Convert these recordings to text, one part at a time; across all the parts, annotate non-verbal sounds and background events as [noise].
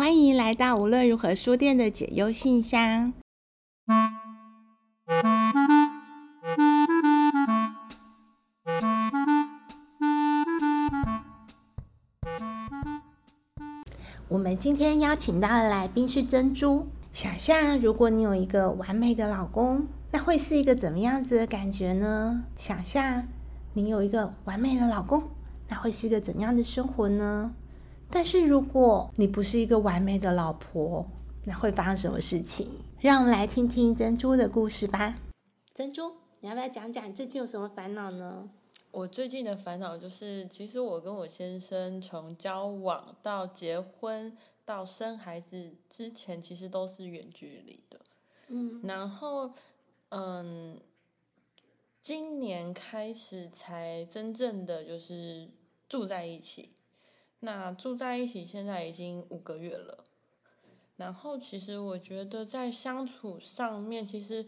歡迎來到無論如河書店的解憂信箱。我們今天邀請到的來賓是珍珠。想象如果你有一個完美的老公，那會是一個怎麼樣子的感覺呢？想象你有一個完美的老公，那會是一個怎樣的生活呢？但是，如果你不是一個完美的老婆，那會發生什麼事情？讓我們來聽聽珍珠的故事吧。珍珠，你要不要講講你最近有什麼煩惱呢？我最近的煩惱就是，其實我跟我先生從交往到結婚到生孩子之前，其實都是遠距離的。嗯。然後，嗯，今年開始才真正的就是住在一起。那住在一起現在已經五個月了，然後其實我覺得在相處上面，其實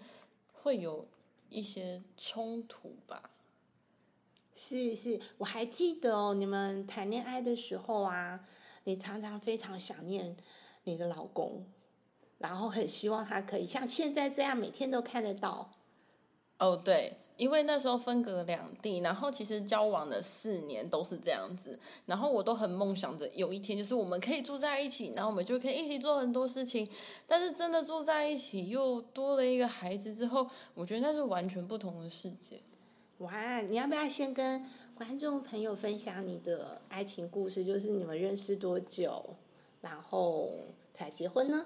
會有一些衝突吧。是是，我還記得哦，你們談戀愛的時候啊，你常常非常想念你的老公，然後很希望他可以像現在這樣每天都看得到。哦，對。因為那時候分隔兩地，然後其實交往了四年都是這樣子，然後我都很夢想着有一天就是我們可以住在一起，然後我們就可以一起做很多事情。但是真的住在一起，又多了一個孩子之後，我覺得那是完全不同的世界。哇，你要不要先跟觀眾朋友分享你的愛情故事？就是你們認識多久，然後才結婚呢？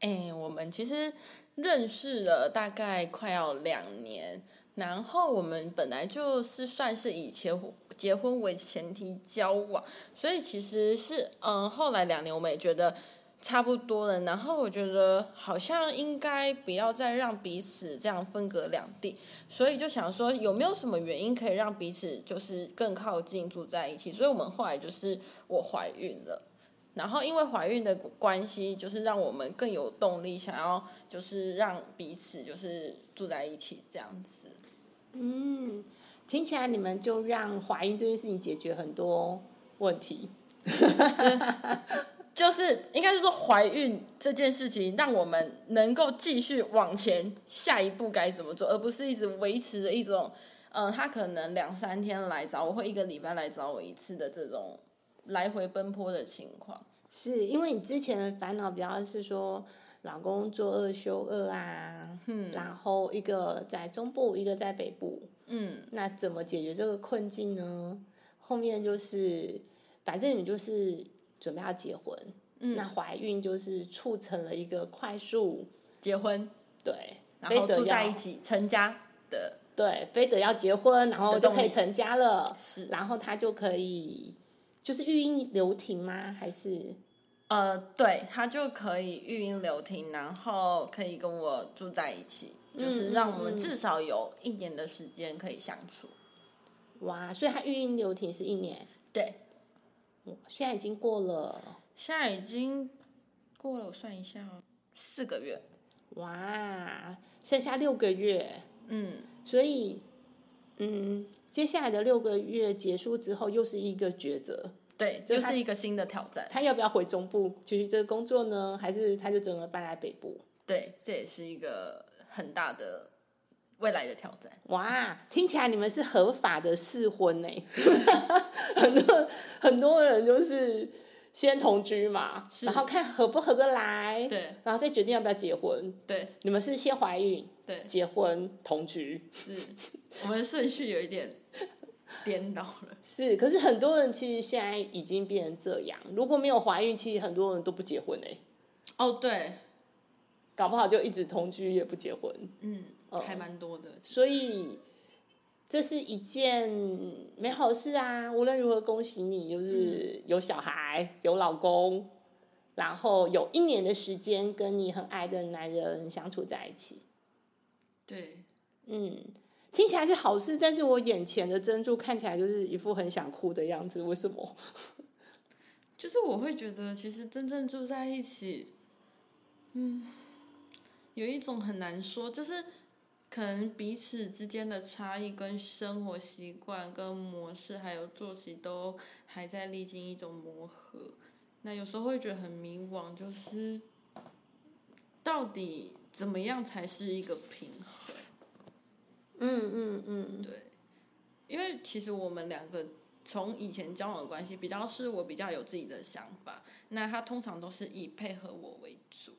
哎，我們其實認識了大概快要兩年。然後我們本來就是算是以結婚結婚為前提交往，所以其實是嗯，後來兩年我們也覺得差不多了。然後我覺得好像應該不要再讓彼此這樣分隔兩地，所以就想說有沒有什麼原因可以讓彼此就是更靠近住在一起？所以我們後來就是我懷孕了，然後因為懷孕的關係，就是讓我們更有動力想要就是讓彼此就是住在一起這樣子。嗯，聽起來你們就讓懷孕這件事情解決很多問題， [laughs] 就是應該是說懷孕這件事情讓我們能夠繼續往前，下一步該怎麼做，而不是一直維持着一種，呃，他可能兩三天來找我，或一個禮拜來找我一次的這種來回奔波的情況。是因為你之前的煩惱比較是說。老公做二休二啊，嗯、然後一個在中部，一個在北部。嗯，那怎麼解決這個困境呢？後面就是，反正你就是準備要結婚。嗯，那懷孕就是促成了一個快速結婚，對，然後住在一起成家的，對，非得要結婚，然後就可以成家了。是，然後他就可以，就是育嬰留停嗎？還是？呃，對，他就可以育嬰留停，然後可以跟我住在一起，嗯、就是讓我們至少有一年的時間可以相處。嗯嗯、哇，所以他育嬰留停是一年。對，現在已經過了，現在已經過了，我算一下哦，四個月，哇，剩下六個月，嗯，所以，嗯，接下來的六個月結束之後，又是一個抉擇。對，就是一個新的挑戰。他，他要不要回中部繼續這個工作呢？還是他就整個搬來北部？對，這也是一個很大的未來的挑戰。哇，聽起來你們是合法的試婚呢。 [laughs] 很多很多人就是先同居嘛，是然後看合不合得來，對，然後再決定要不要結婚。對，你們是先懷孕，對，結婚同居，是我們順序有一點。顛倒了是，可是很多人其實現在已經變成這樣。如果沒有懷孕，其實很多人都不結婚哎。哦，oh, 對，搞不好就一直同居也不結婚。嗯，嗯還蠻多的。所以其實，這是一件美好的事啊！無論如何，恭喜你，就是有小孩、有老公，然後有一年的時間跟你很愛的男人相處在一起。對，嗯。聽起來是好事，但是我眼前的珍珠看起來就是一副很想哭的樣子，為什麼？就是我會覺得，其實真正住在一起，嗯，有一種很難說，就是可能彼此之間的差異、跟生活習慣、跟模式，還有作息，都還在歷經一種磨合。那有時候會覺得很迷惘，就是到底怎麼樣才是一個平衡？嗯嗯嗯，嗯嗯對，因為其實我們兩個從以前交往關係比較是我比較有自己的想法，那他通常都是以配合我為主。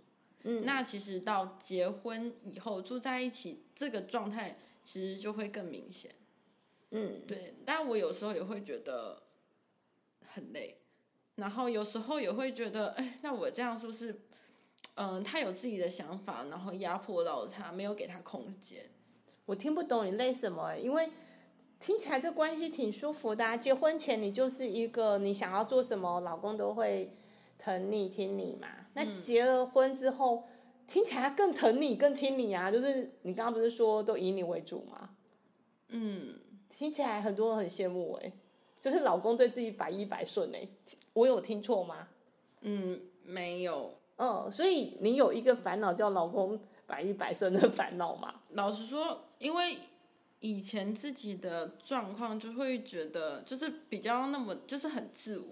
嗯，那其實到結婚以後住在一起，這個狀態其實就會更明顯。嗯，對，但我有時候也會覺得很累，然後有時候也會覺得，哎，那我這樣是不是，嗯、呃，他有自己的想法，然後壓迫到了他，沒有給他空間。我聽不懂你累什麼，因為聽起來這關係挺舒服的、啊。結婚前你就是一個，你想要做什麼，老公都會疼你、聽你嘛。那結了婚之後，嗯、聽起來更疼你、更聽你啊。就是你剛剛不是說都以你為主嗎？嗯，聽起來很多人很羨慕我哎，就是老公對自己百依百順哎。我有聽錯嗎？嗯，沒有。嗯，所以你有一個煩惱叫老公。百依百順的煩惱嘛，老實說，因為以前自己的狀況就會覺得，就是比較那麼，就是很自我，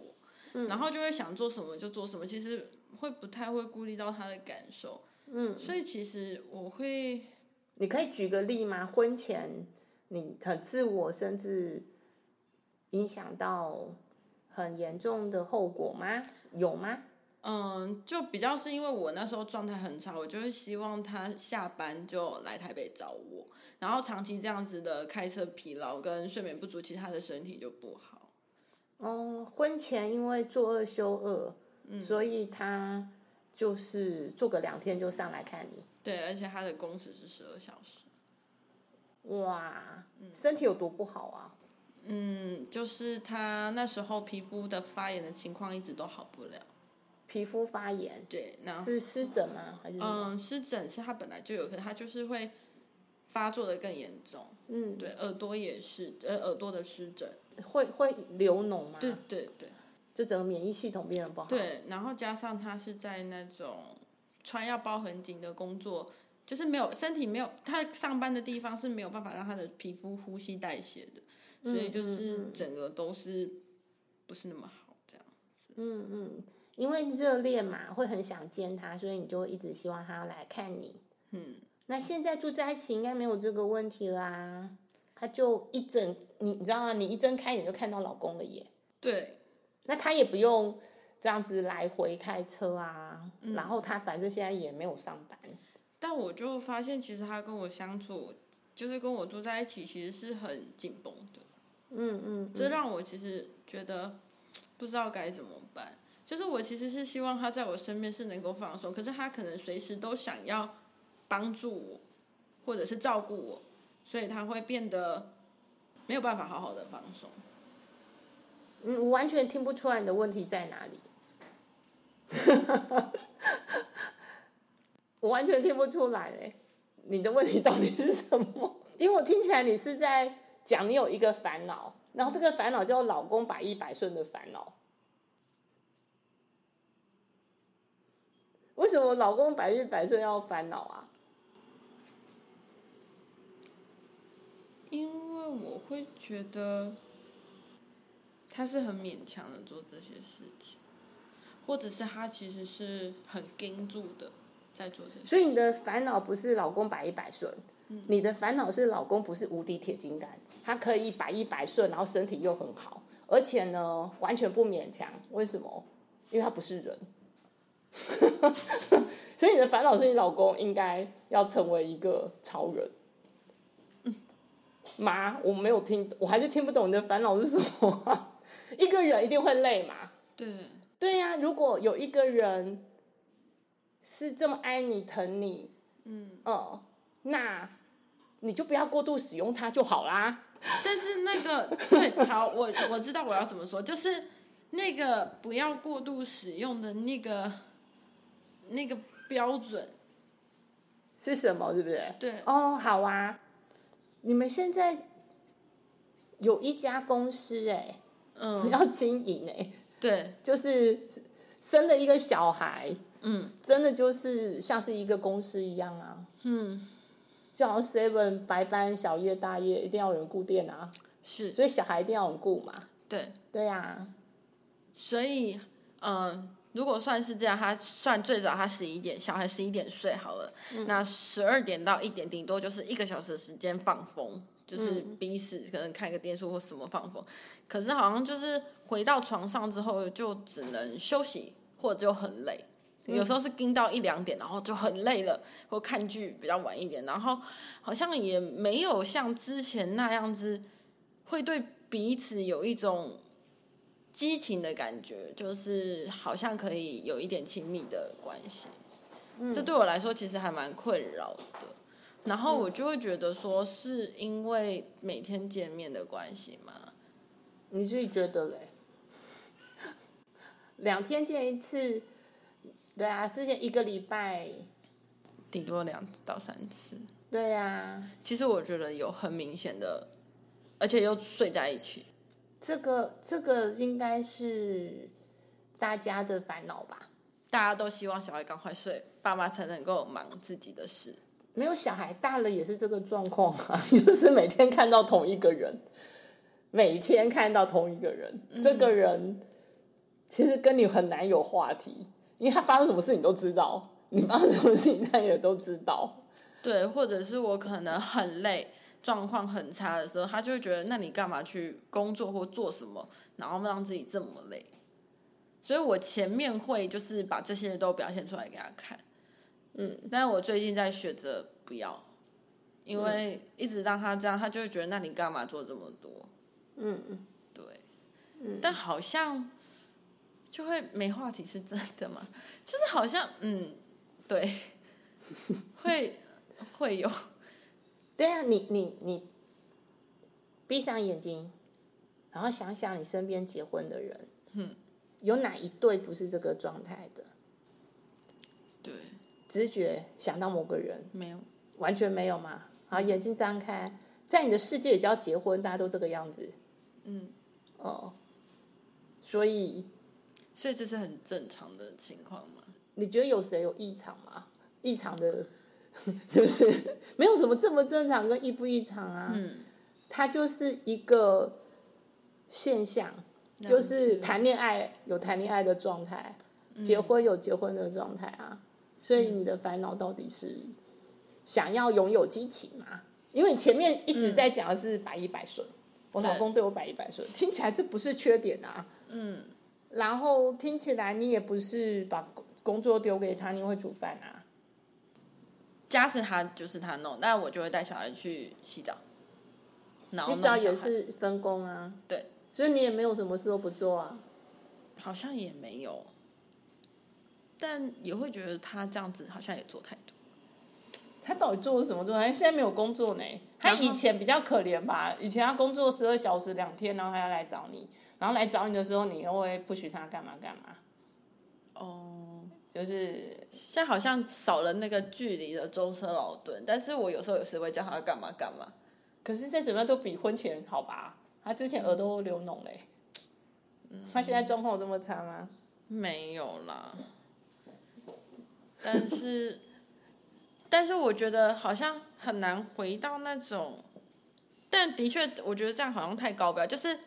嗯，然後就會想做什麼就做什麼，其實會不太會顧慮到他的感受，嗯，所以其實我會，你可以舉個例嗎？婚前你很自我，甚至影響到很嚴重的後果嗎？有嗎？嗯，就比較是因為我那時候狀態很差，我就是希望他下班就來台北找我，然後長期這樣子的開車疲勞跟睡眠不足，其實他的身體就不好。嗯，婚前因為做二休二，所以他就是做個兩天就上來看你。對，而且他的工時是十二小時。哇，身體有多不好啊？嗯，就是他那時候皮膚的發炎的情況一直都好不了。皮膚發炎，對，然後是濕疹嗎？還是嗯，濕疹是他本來就有，可能他就是會發作的更嚴重。嗯，對，耳朵也是，呃，耳朵的濕疹會會流膿嗎？對對對，對對，就整個免疫系統變得不好。對，然後加上他是在那種穿藥包很緊的工作，就是沒有身體沒有，他上班的地方是沒有辦法讓他的皮膚呼吸代謝的，嗯、所以就是整個都是不是那麼好這樣子嗯。嗯嗯。因為熱戀嘛，會很想見他，所以你就一直希望他來看你。嗯，那現在住在一起應該沒有這個問題啦、啊。他就一整，你你知道嗎？你一睜開眼就看到老公了耶。對。那他也不用這樣子來回開車啊。嗯、然後他反正現在也沒有上班。但我就發現，其實他跟我相處，就是跟我住在一起，其實是很緊繃的。嗯嗯。嗯，這讓我其實覺得不知道該怎麼辦。就是我其實是希望他在我身邊是能夠放鬆，可是他可能隨時都想要幫助我，或者是照顧我，所以他會變得沒有辦法好好的放鬆。嗯，我完全聽不出來你的問題在哪裡？哈哈哈，我完全聽不出來、欸、你的問題到底是什麼？因為我聽起來你是在講你有一個煩惱，然後這個煩惱叫老公百依百順的煩惱。為什麼老公百依百順要煩惱啊？因為我會覺得他是很勉強的做這些事情，或者是他其實是很盯住的在做這些事情。所以你的煩惱不是老公百依百順，嗯、你的煩惱是老公不是無敵鐵金剛，他可以百依百順，然後身體又很好，而且呢完全不勉強。為什麼？因為他不是人。 [laughs] 所以你的煩惱是你老公應該要成為一個超人。嗯、媽，我沒有聽，我還是聽不懂你的煩惱是什麼、啊。一個人一定會累嘛？對，對呀、啊。如果有一個人是這麼愛你、疼你，嗯哦、嗯，那你就不要過度使用他就好啦。但是那個對，好，我我知道我要怎麼說，就是那個不要過度使用的那個。那個標準是什麼？對不對？對。哦，oh，好啊。你們現在有一家公司哎，嗯，要經營哎，對，就是生了一個小孩，嗯，真的就是像是一個公司一樣啊，嗯，就好像 seven 白班、小夜、大夜一定要有人顧店啊，是，所以小孩一定要有人顧嘛，對，對啊，所以，嗯。如果算是這樣，他算最早他，他十一點小孩十一點睡好了，嗯、那十二點到一點頂多就是一個小時的時間放風，就是彼此可能看個電視或什麼放風。嗯、可是好像就是回到床上之後就只能休息，或者就很累，嗯、有時候是撐到一兩點，然後就很累了，或看劇比較晚一點，然後好像也沒有像之前那樣子會對彼此有一種。激情的感覺，就是好像可以有一點親密的關係，這對我來說其實還蠻困擾的。然後我就會覺得說，是因為每天見面的關係嗎？嗯嗯，你自己覺得嘞？兩 [laughs] 天見一次，對啊，之前一個禮拜，頂多兩到三次。對呀，啊，其實我覺得有很明顯的，而且又睡在一起。這個這個應該是大家的煩惱吧？大家都希望小孩趕快睡，爸媽才能夠忙自己的事。沒有，小孩大了也是這個狀況啊，就是每天看到同一個人，每天看到同一個人，嗯、這個人其實跟你很難有話題，因為他發生什麼事你都知道，你發生什麼事情他也都知道。對，或者是我可能很累。狀況很差的時候，他就會覺得，那你幹嘛去工作或做什麼，然後讓自己這麼累？所以我前面會就是把這些都表現出來給他看，嗯，但是我最近在選擇不要，因為一直讓他這樣，他就會覺得，那你幹嘛做這麼多？嗯嗯，對，嗯，但好像就會沒話題是真的嗎？就是好像嗯，對，會 [laughs] 會有。對啊，你你你，你閉上眼睛，然後想想你身邊結婚的人，嗯、有哪一對不是這個狀態的？對，直覺想到某個人，沒有，完全沒有嘛？好，嗯、眼睛張開，在你的世界也只要結婚，大家都這個樣子，嗯，哦，所以，所以這是很正常的情況嗎？你覺得有誰有異常嗎？異常的。 [laughs] 是不是沒有什麼這麼正常跟異不異常啊？嗯，它就是一個現象，就是談戀愛有談戀愛的狀態，嗯、結婚有結婚的狀態啊。所以你的煩惱到底是想要擁有激情嗎？嗯、因為你前面一直在講的是百依百順，嗯、我老公對我百依百順，對聽起來這不是缺點啊。嗯，然後聽起來你也不是把工作丟給他，你會煮飯啊？家事他就是他弄，那我就會帶小孩去洗澡。洗澡也是分工啊，對，所以你也沒有什麼事都不做啊。好像也沒有，但也會覺得他這樣子好像也做太多。他到底做了什麼做？哎，現在沒有工作呢。他以前比較可憐吧，以前他工作十二小時兩天，然後還要來找你，然後來找你的時候，你又會不許他幹嘛幹嘛。哦。就是現在好像少了那個距離的舟車勞頓，但是我有時候有時會叫他幹嘛幹嘛。可是在整個都比婚前好吧。他之前耳朵都流膿嘞，他現在狀況這麼差嗎？嗯，沒有啦。但是， [laughs] 但是我覺得好像很難回到那種。但的確，我覺得這樣好像太高標，就是，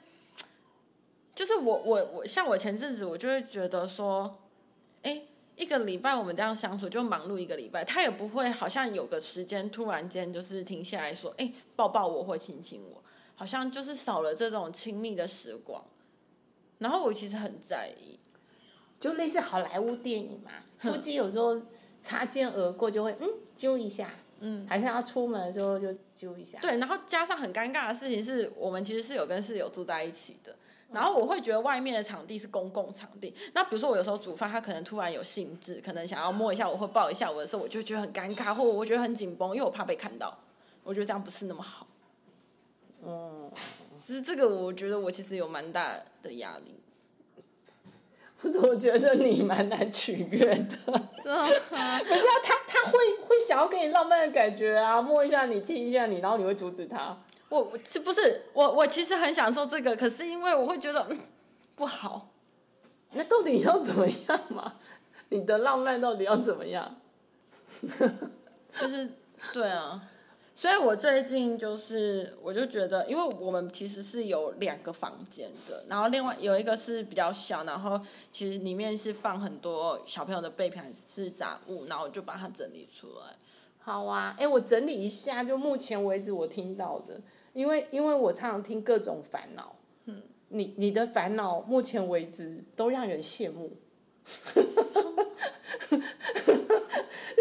就是我我我像我前陣子我就會覺得說。一個禮拜我們這樣相處就忙碌一個禮拜，他也不會好像有個時間突然間就是停下來說，哎、欸，抱抱我或親親我，好像就是少了這種親密的時光。然後我其實很在意，就類似好萊塢電影嘛，夫妻哼有時候擦肩而過就會嗯揪一下，嗯，還是要出門的時候就揪一下。對，然後加上很尷尬的事情是我們其實是有跟室友住在一起的。然後我會覺得外面的場地是公共場地，那比如說我有時候煮飯，他可能突然有興致，可能想要摸一下我，或抱一下我的時候，我就覺得很尷尬，或我覺得很緊繃，因為我怕被看到，我覺得這樣不是那麼好。嗯，其實這個我覺得我其實有蠻大的壓力，我總覺得你蠻難取悅的，你知道嗎？可 [laughs] [laughs] 是、啊、他他會會想要給你浪漫的感覺啊，摸一下你，親一下你，然後你會阻止他。我這不是我，我其實很享受這個，可是因為我會覺得、嗯、不好。那到底要怎麼樣嘛？你的浪漫到底要怎麼樣？ [laughs] 就是對啊，所以我最近就是我就覺得，因為我們其實是有兩個房間的，然後另外有一個是比較小，然後其實裡面是放很多小朋友的備品是雜物，然後我就把它整理出來。好啊，哎、欸，我整理一下，就目前為止我聽到的。因為因為我常常聽各種煩惱，嗯、你你的煩惱目前為止都讓人羨慕， [laughs]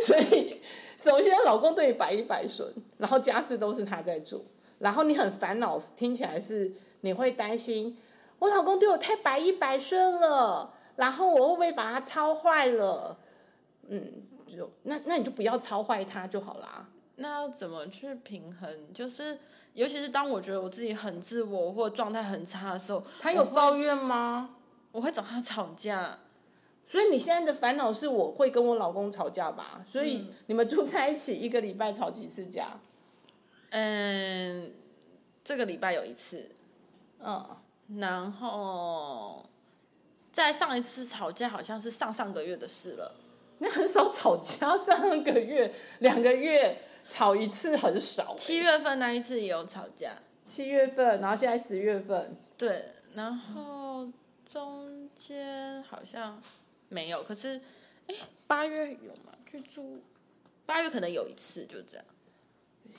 所以首先老公對你百依百順，然後家事都是他在做，然後你很煩惱聽起來是你會擔心我老公對我太百依百順了，然後我會不會把他操壞了？嗯，就那那你就不要操壞他就好啦。那要怎麼去平衡？就是。尤其是當我覺得我自己很自我或狀態很差的時候，他有抱怨嗎？我會，我會找他吵架，所以你現在的煩惱是我會跟我老公吵架吧？所以你們住在一起一個禮拜吵幾次架？嗯，嗯，這個禮拜有一次，嗯，然後再上一次吵架好像是上上個月的事了。那很少吵架，上個月兩個月吵一次很少、欸。七月份那一次也有吵架。七月份，然後現在十月份。對，然後中間好像沒有，可是，哎、欸，八月有嗎？去住八月可能有一次，就這樣。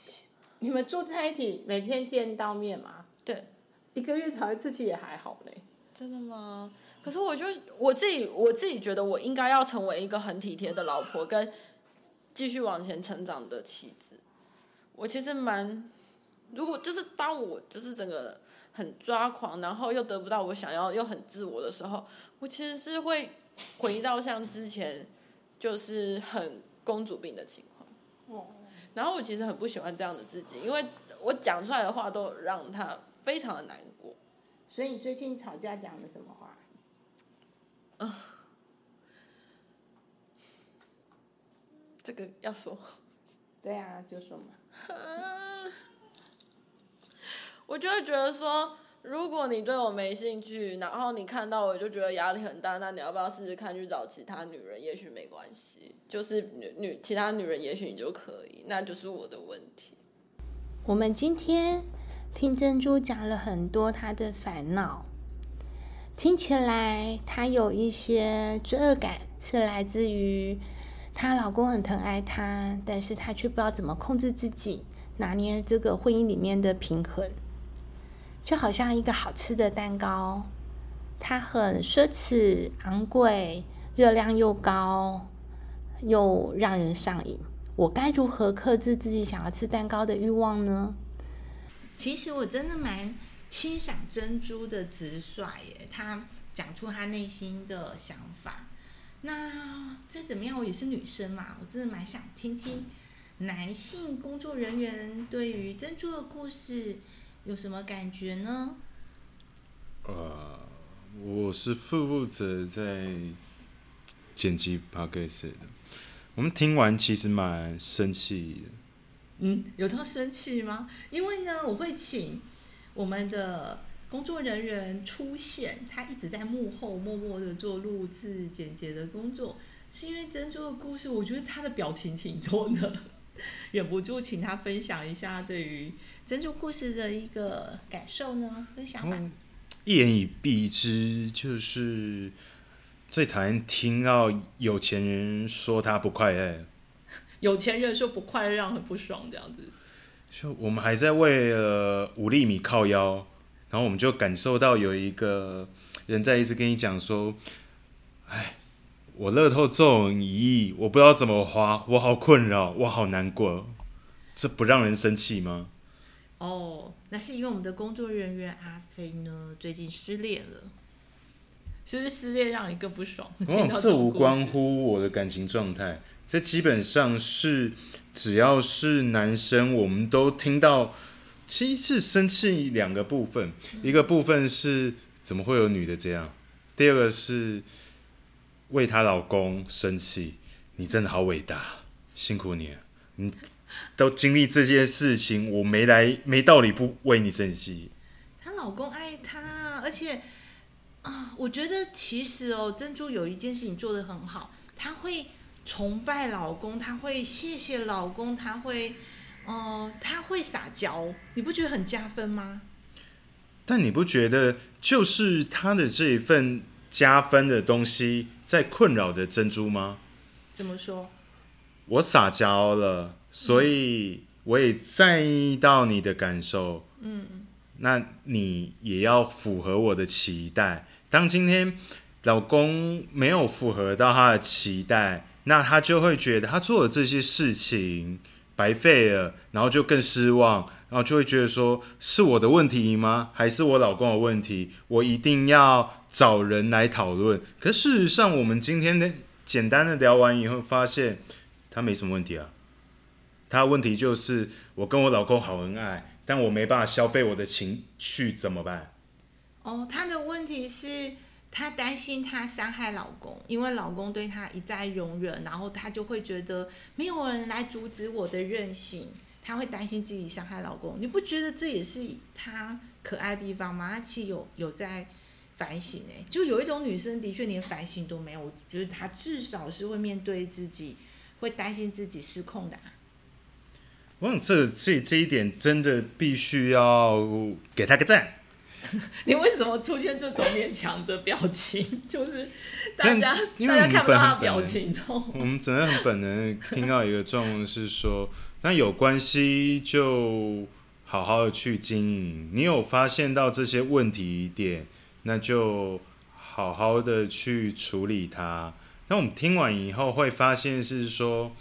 你們住在一起，每天見到面嗎？對，一個月吵一次其實也還好嘞。真的嗎？可是，我就我自己，我自己覺得我應該要成為一個很體貼的老婆，跟繼續往前成長的妻子。我其實蠻，如果就是當我就是整個很抓狂，然後又得不到我想要，又很自我的時候，我其實是會回到像之前就是很公主病的情況。哦。然後我其實很不喜歡這樣的自己，因為我講出來的話都讓他非常的難過。所以，你最近吵架講了什麼話啊？這個要說。對啊，就說嘛。 [laughs] 我就會覺得說，如果你對我沒興趣，然後你看到我就覺得壓力很大，那你要不要試試看去找其他女人？也許沒關係，就是女女其他女人，也許你就可以。那就是我的問題。我們今天聽珍珠講了很多她的煩惱。聽起來她有一些罪惡感，是來自於她老公很疼愛她，但是她卻不知道怎麼控制自己，拿捏這個婚姻裡面的平衡。就好像一個好吃的蛋糕，它很奢侈、昂貴，熱量又高，又讓人上癮。我該如何克制自己想要吃蛋糕的慾望呢？其實我真的蠻。欣賞珍珠的直率，耶！他講出他內心的想法。那再怎麼樣，我也是女生嘛，我真的蠻想聽聽男性工作人員對於珍珠的故事有什麼感覺呢？呃，我是副務在剪輯八個 c 的。我們聽完其實蠻生氣的。嗯，有到生氣嗎？因為呢，我會請。我們的工作人員出現，他一直在幕後默默的做錄製剪輯的工作，是因為珍珠的故事，我覺得他的表情挺多的，忍不住請他分享一下對於珍珠故事的一個感受呢，分享吧。一言以蔽之，就是最討厭聽到有錢人說他不快樂。欸，有錢人說不快樂讓很不爽，這樣子。就我們還在為了五厘米靠腰，然後我們就感受到有一個人在一直跟你講說：“哎，我樂透中一億，我不知道怎麼花，我好困擾，我好難過，這不讓人生氣嗎？”哦，那是因為我們的工作人員阿飛呢最近失戀了，是不是失戀讓你更不爽？哦，這無關乎我的感情狀態。這基本上是只要是男生，我們都聽到，其實生氣兩個部分，一個部分是怎麼會有女的這樣，第二個是為她老公生氣。你真的好偉大，辛苦你了，你都經歷這件事情，我沒來沒道理不為你生氣。她老公愛她，而且，呃，我覺得其實哦，珍珠有一件事情做得很好，她會。崇拜老公，他會謝謝老公，他會，哦、呃，他會撒嬌，你不覺得很加分嗎？但你不覺得就是他的這一份加分的東西在困擾著珍珠嗎？怎麼說？我撒嬌了，所以我也在意到你的感受。嗯。那你也要符合我的期待。當今天老公沒有符合到他的期待。那他就會覺得他做的這些事情白費了，然後就更失望，然後就會覺得說是我的問題嗎？還是我老公的問題？我一定要找人來討論。可是事實上，我們今天的簡單的聊完以後，發現他沒什麼問題啊。他的問題就是我跟我老公好恩愛，但我沒辦法消費我的情緒，怎麼辦？哦，他的問題是。她擔心她傷害老公，因為老公對她一再容忍，然後她就會覺得沒有人來阻止我的任性。她會擔心自己傷害老公，你不覺得這也是她可愛的地方嗎？她其實有有在反省哎欸，就有一種女生的確連反省都沒有，我覺得她至少是會面對自己，會擔心自己失控的啊。我想這這這一點真的必須要給她個讚。你為什麼出現這種勉強的表情？就是大家，因為大家看不到他的表情我，我們只能很本能聽到一個狀況是說， [laughs] 那有關係就好好的去經營。你有發現到這些問題一點，那就好好的去處理它。那我們聽完以後會發現是說，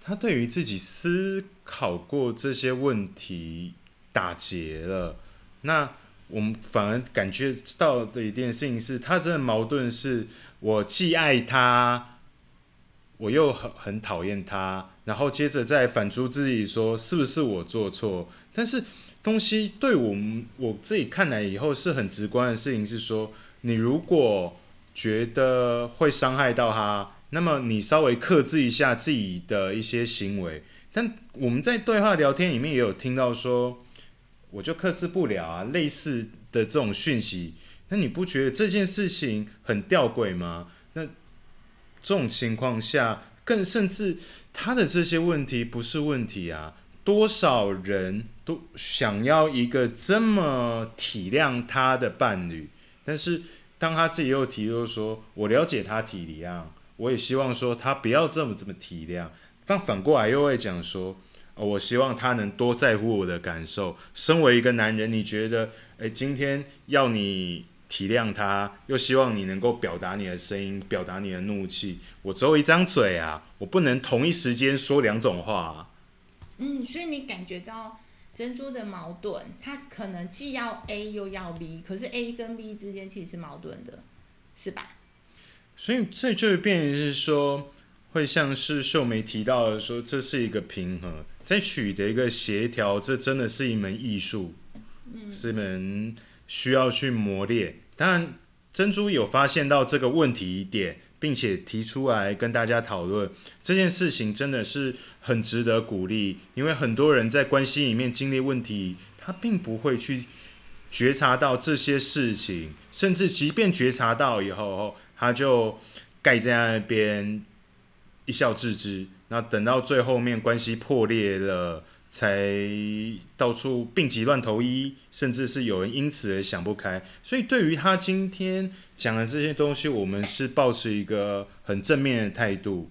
他對於自己思考過這些問題打結了，那。我們反而感覺到的一件事情是，他真的矛盾的是，我既愛他，我又很很討厭他，然後接着再反芻自己說，是不是我做錯？但是東西對我們我自己看來以後是很直觀的事情是說，你如果覺得會傷害到他，那麼你稍微克制一下自己的一些行為。但我們在對話聊天裡面也有聽到說。我就克制不了啊，類似的這種訊息，那你不覺得這件事情很吊詭嗎？那這種情況下，更甚至他的這些問題不是問題啊，多少人都想要一個這麼體諒他的伴侶，但是當他自己又提出說，我了解他體諒啊，我也希望說他不要這麼這麼體諒，但反過來又會講說。哦、我希望他能多在乎我的感受。身為一個男人，你覺得，哎、欸，今天要你體諒他，又希望你能夠表達你的聲音，表達你的怒氣。我只有一張嘴啊，我不能同一時間說兩種話、啊。嗯，所以你感覺到珍珠的矛盾，他可能既要 A 又要 B，可是 A 跟 B 之間其實是矛盾的，是吧？所以這就變成是說。會像是秀梅提到的說，這是一個平衡，在取得一個協調，這真的是一門藝術，是門需要去磨練。當然，珍珠有發現到這個問題一點，並且提出來跟大家討論這件事情，真的是很值得鼓勵。因為很多人在關係裡面經歷問題，他並不會去覺察到這些事情，甚至即便覺察到以後，他就蓋在那邊。一笑置之，那等到最後面關係破裂了，才到處病急亂投醫，甚至是有人因此而想不開。所以對於他今天講的這些東西，我們是抱持一個很正面的態度。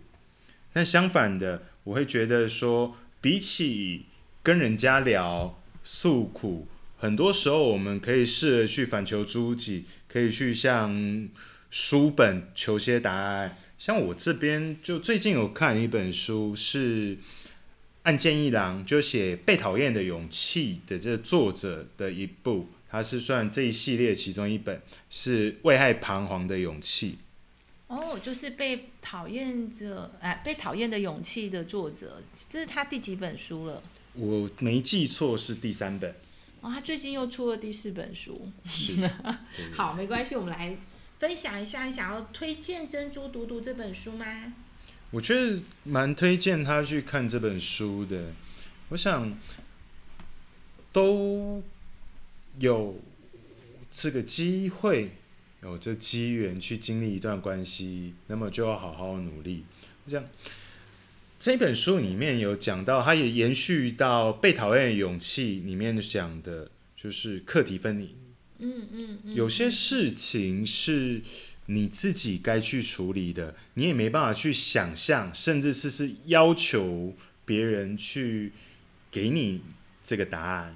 那相反的，我會覺得說，比起跟人家聊訴苦，很多時候我們可以試着去反求諸己，可以去向書本求些答案。像我這邊就最近有看一本書是，是岸見一郎就寫《被討厭的勇氣》的這個作者的一部，他是算這一系列其中一本，是《為愛彷徨的勇氣》。哦，就是被討厭的哎，被討厭的勇氣的作者，這是他第幾本書了？我沒記錯是第三本。哦，他最近又出了第四本書。是，好，沒關係，我們來。分享一下，你想要推薦珍珠讀讀這本書嗎？我覺得蠻推薦他去看這本書的。我想，都有這個機會，有這機緣去經歷一段關係，那麼就要好好努力。我想這本書裡面有講到，他也延續到《被討厭的勇氣》裡面講的，就是課題分離。嗯嗯嗯，嗯嗯有些事情是你自己該去處理的，你也沒辦法去想象，甚至是是要求別人去給你這個答案。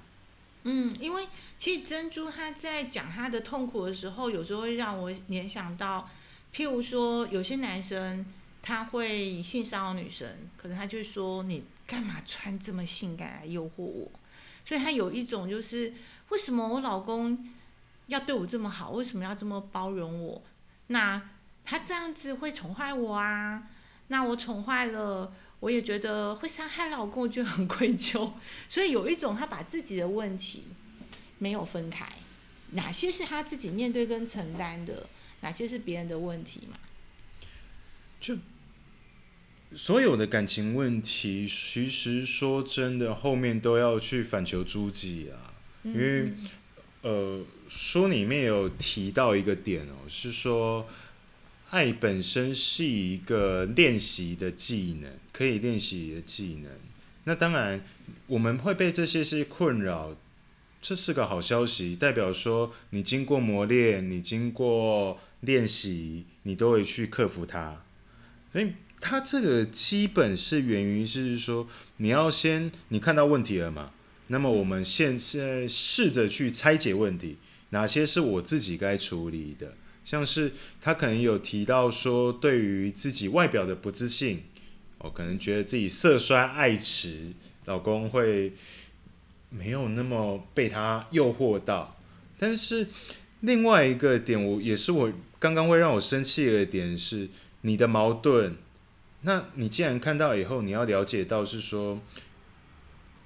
嗯，因為其實珍珠她在講她的痛苦的時候，有時候會讓我聯想到，譬如說有些男生他會性騷擾女生，可能他就說，你幹嘛穿這麼性感來誘惑我？所以他有一種就是為什麼我老公？要對我這麼好，為什麼要這麼包容我？那他這樣子會寵壞我啊？那我寵壞了，我也覺得會傷害老公，就很愧疚。所以有一種，他把自己的問題沒有分開，哪些是他自己面對跟承擔的，哪些是別人的問題嘛？就所有的感情問題，其實說真的，後面都要去反求諸己啊，因為嗯嗯呃。書裡面有提到一個點哦，是說愛本身是一個練習的技能，可以練習的技能。那當然，我們會被這些事困擾，這是個好消息，代表說你經過磨練，你經過練習，你都會去克服它。所以，它這個基本是源於是說，你要先你看到問題了嘛？那麼，我們現在試着去拆解問題。哪些是我自己該處理的？像是他可能有提到說，對於自己外表的不自信，哦，可能覺得自己色衰愛弛，老公會沒有那麼被他誘惑到。但是另外一個點我，我也是我剛剛會讓我生氣的點是，你的矛盾。那你既然看到以後，你要了解到是說。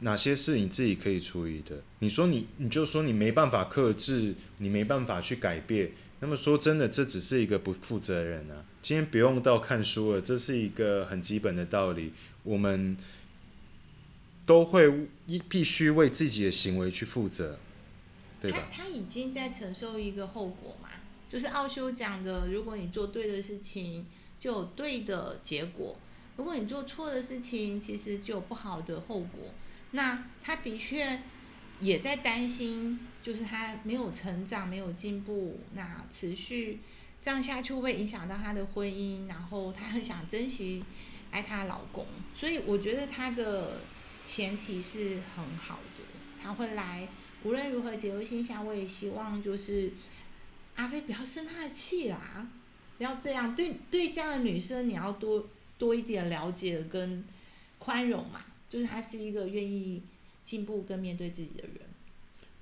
哪些是你自己可以處理的？你說你，你就說你沒辦法克制，你沒辦法去改變。那麼說真的，這只是一個不負責任啊！今天不用到看書了，這是一個很基本的道理。我們都會一必須為自己的行為去負責，對吧？他，他已經在承受一個後果嘛，就是奧修講的：如果你做對的事情，就有對的結果；如果你做錯的事情，其實就有不好的後果。那他的確也在擔心，就是他沒有成長，沒有進步，那持續這樣下去會影響到他的婚姻，然後他很想珍惜愛他的老公，所以我覺得他的前提是很好的，他會來，無論如河結下，解憂信箱。我也希望就是阿飛不要生他的氣啦，不要這樣，對對，這樣的女生你要多多一點了解跟寬容嘛。就是他是一個願意進步跟面對自己的人。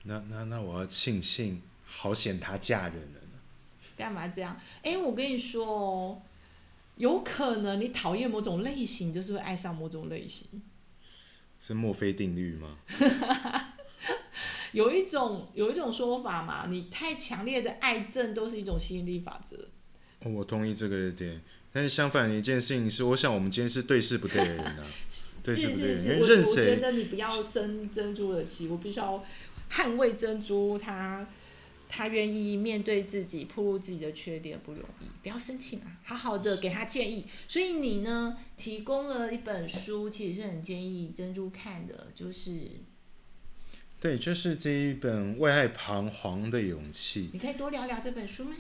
那那那，那那我要慶幸，好險他嫁人了呢。幹嘛這樣？哎、欸，我跟你說哦，有可能你討厭某種類型，就是會愛上某種類型。是墨菲定律嗎？ [laughs] 有一種有一種說法嘛，你太強烈的愛憎都是一種吸引力法則、哦。我同意這個一點，但是相反的一件事情是，我想我們今天是對事不對人呢、啊。 [laughs] 是是是，我我覺得你不要生珍珠的氣，是我必須要捍衛珍珠他。他他願意面對自己，鋪露自己的缺點不容易，不要生氣嘛，好好的給他建議。所以你呢，提供了一本書，其實是很建議珍珠看的，就是對，就是這一本《為愛彷徨的勇氣》。你可以多聊聊這本書嗎？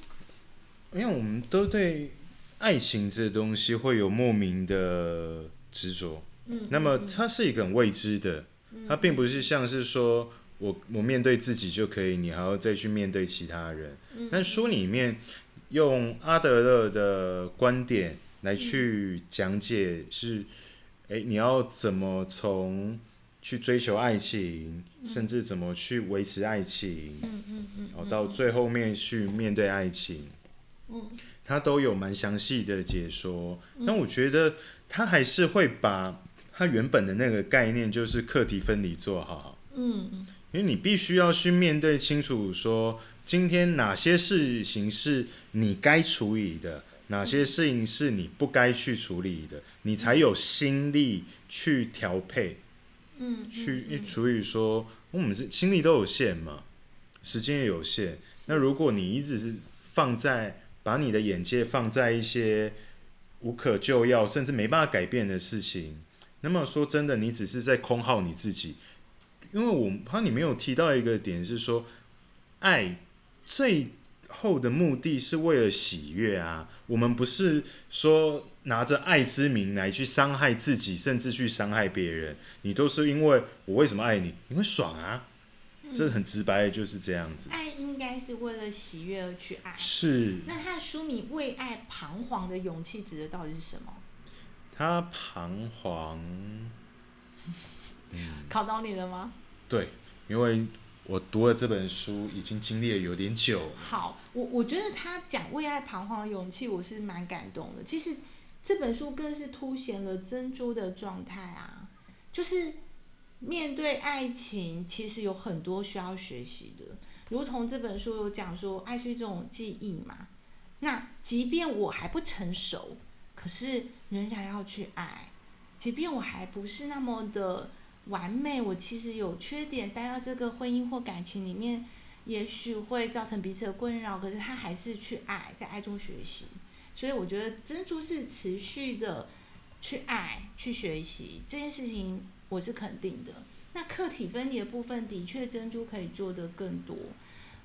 因為我們都對愛情這東西會有莫名的執着。那麼它是一個很未知的，它並不是像是說，我我面對自己就可以，你還要再去面對其他人。那書裡面用阿德勒的觀點來去講解是，欸，你要怎麼從去追求愛情，甚至怎麼去維持愛情，然後到最後面去面對愛情，他都有蠻詳細的解說。但我覺得他還是會把它原本的那個概念就是課題分離做好，嗯，因為你必須要去面對清楚說，今天哪些事情是你該處理的，哪些事情是你不該去處理的，你才有心力去調配，嗯，去去處理說，我們是心力都有限嘛，時間也有限，那如果你一直是放在把你的眼界放在一些無可救藥甚至沒辦法改變的事情。那麼說真的，你只是在空耗你自己，因為我怕你沒有提到一個點，是說愛最後的目的是為了喜悅啊。我們不是說拿着愛之名來去傷害自己，甚至去傷害別人。你都是因為我為什麼愛你？你會爽啊，這很直白的就是這樣子。嗯，愛應該是為了喜悅而去愛，是。那他的書名《為愛彷徨》的勇氣指的到底是什麼？他彷徨，考到你了嗎？對，因為我讀了這本書，已經經歷了有點久。好，我我覺得他講為愛彷徨的勇氣，我是蠻感動的。其實這本書更是凸顯了珍珠的狀態啊，就是面對愛情，其實有很多需要學習的。如同這本書有講說，愛是一種記憶嘛。那即便我還不成熟。可是仍然要去愛，即便我還不是那麼的完美，我其實有缺點，帶到這個婚姻或感情裡面，也許會造成彼此的困擾。可是他還是去愛，在愛中學習。所以我覺得珍珠是持續的去愛、去學習這件事情，我是肯定的。那客體分離的部分，的確珍珠可以做得更多。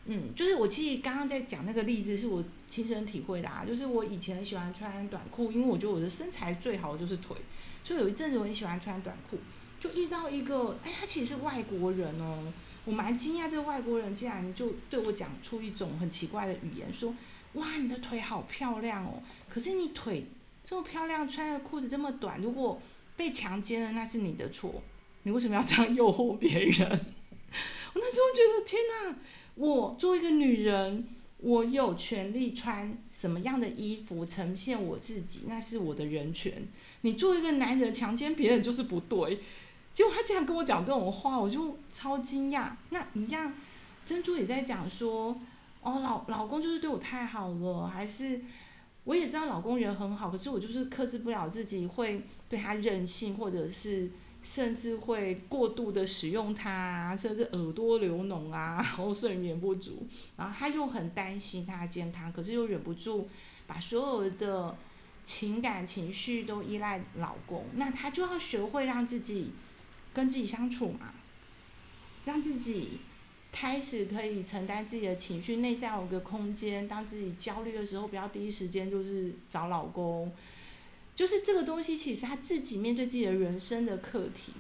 嗯，就是我其實剛剛在講那個例子，是我親身體會的啊。就是我以前很喜歡穿短褲，因為我覺得我的身材最好就是腿，所以有一陣子我很喜歡穿短褲。就遇到一個，哎呀，他其實是外國人哦，我蠻驚訝，這個外國人竟然就對我講出一種很奇怪的語言，說：“哇，你的腿好漂亮哦，可是你腿這麼漂亮，穿的褲子這麼短，如果被強姦了，那是你的錯，你為什麼要這樣誘惑別人？” [laughs] 我那時候覺得，天哪！我做一個女人，我有權利穿什麼樣的衣服呈現我自己，那是我的人權。你做一個男人強姦別人就是不對。結果他竟然跟我講這種話，我就超驚訝。那一樣，珍珠也在講說，哦，老老公就是對我太好了，還是我也知道老公人很好，可是我就是克制不了自己會對他任性，或者是。甚至會過度的使用它，甚至耳朵流膿啊，然後睡眠不足，然後她又很擔心他的健康，可是又忍不住把所有的情感、情緒都依賴老公，那她就要學會讓自己跟自己相處嘛，讓自己開始可以承擔自己的情緒，內在有個空間，當自己焦慮的時候，不要第一時間就是找老公。就是這個東西，其實他，自己面對自己的人生的課題，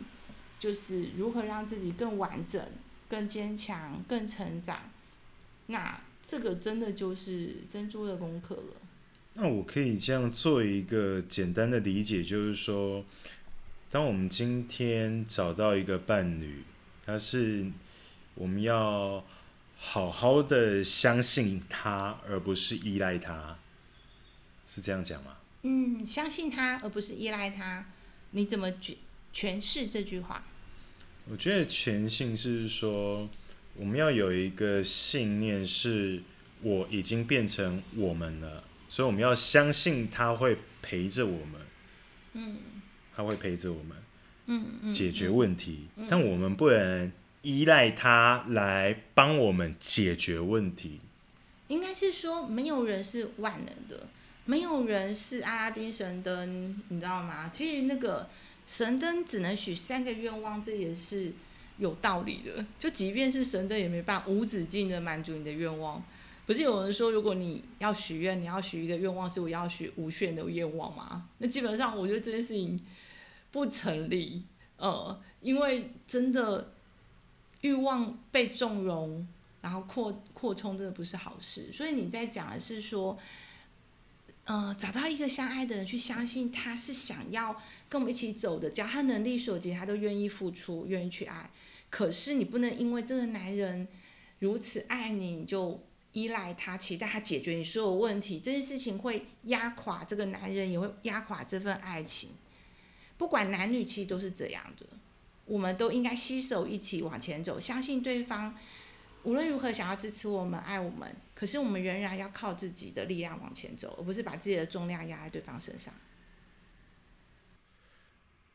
就是如何讓自己更完整、更堅強、更成長。那這個真的就是珍珠的功課了。那我可以這樣做一個簡單的理解，就是說，當我們今天找到一個伴侶，他是我們要好好的相信他，而不是依賴他，是這樣講嗎？嗯，相信他而不是依賴他，你怎麼去詮釋這句話？我覺得全信是說，我們要有一個信念，是我已經變成我們了，所以我們要相信他會陪着我們。嗯，他會陪着我們。嗯，解決問題，但我們不能依賴他來幫我們解決問題。應該是說，沒有人是萬能的。沒有人是阿拉丁神燈，你知道嗎？其實那個神燈只能許三個願望，這也是有道理的。就即便是神燈也沒辦法無止境地滿足你的願望。不是有人說，如果你要許願，你要許一個願望，是我要許無限的願望嗎？那基本上我覺得這件事情不成立。呃，因為真的慾望被縱容，然後擴擴充，真的不是好事。所以你在講的是說。嗯，找到一個相愛的人，去相信他是想要跟我們一起走的，只要他能力所及，他都願意付出，願意去愛。可是你不能因為這個男人如此愛你，你就依賴他，期待他解決你所有問題。這件事情會壓垮這個男人，也會壓垮這份愛情。不管男女，其實都是這樣的。我們都應該攜手一起往前走，相信對方。無論如何，想要支持我們、愛我們，可是我們仍然要靠自己的力量往前走，而不是把自己的重量壓在對方身上。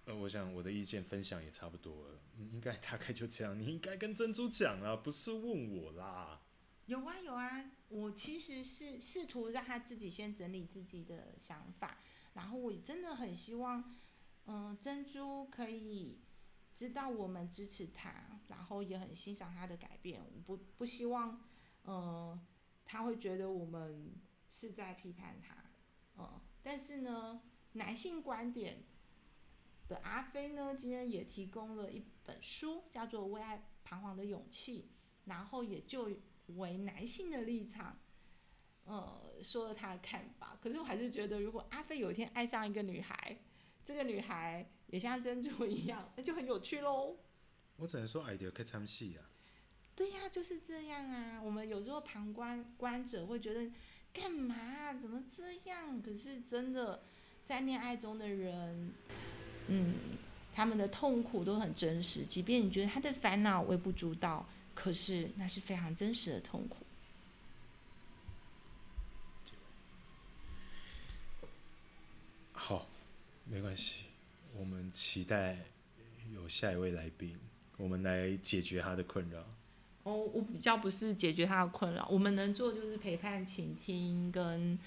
呃，我想我的意見分享也差不多了，應該大概就這樣。你應該跟珍珠講啊，不是問我啦。有啊有啊，我其實是試圖讓他自己先整理自己的想法，然後我也真的很希望，嗯、呃，珍珠可以。知道我們支持他，然後也很欣賞他的改變，不不希望，嗯、呃，他會覺得我們是在批判他，嗯、呃，但是呢，男性觀點的阿飛呢，今天也提供了一本書，叫做《為愛彷徨的勇氣》，然後也就為男性的立場，呃，說了他的看法。可是我還是覺得，如果阿飛有一天愛上一個女孩，這個女孩也像珍珠一樣，嗯、那就很有趣嘍。我只能說，愛可以唱戲啊。對呀、啊，就是這樣啊。我們有時候旁觀觀者會覺得，幹嘛？怎麼這樣？可是真的，在戀愛中的人，嗯，他們的痛苦都很真實。即便你覺得他的煩惱微不足道，可是那是非常真實的痛苦。沒關係，我們期待有下一位來賓，我們來解決他的困擾。哦，oh, 我比較不是解決他的困擾，我們能做就是陪伴、傾聽跟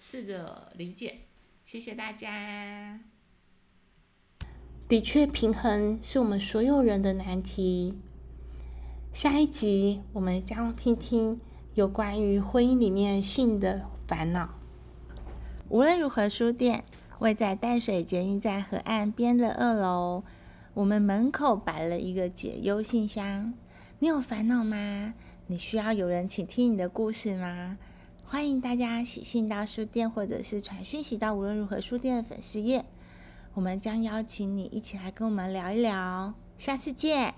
試着理解。謝謝大家。的確，平衡是我們所有人的難題。下一集我們將聽聽有關於婚姻裡面的性的煩惱。無論如河，書店。位在淡水捷運在河岸邊的二樓，我們門口擺了一個解憂信箱。你有煩惱嗎？你需要有人傾聽你的故事嗎？歡迎大家寫信到書店，或者是傳訊息到無論如河書店的粉絲頁。我們將邀請你一起來跟我們聊一聊。下次見。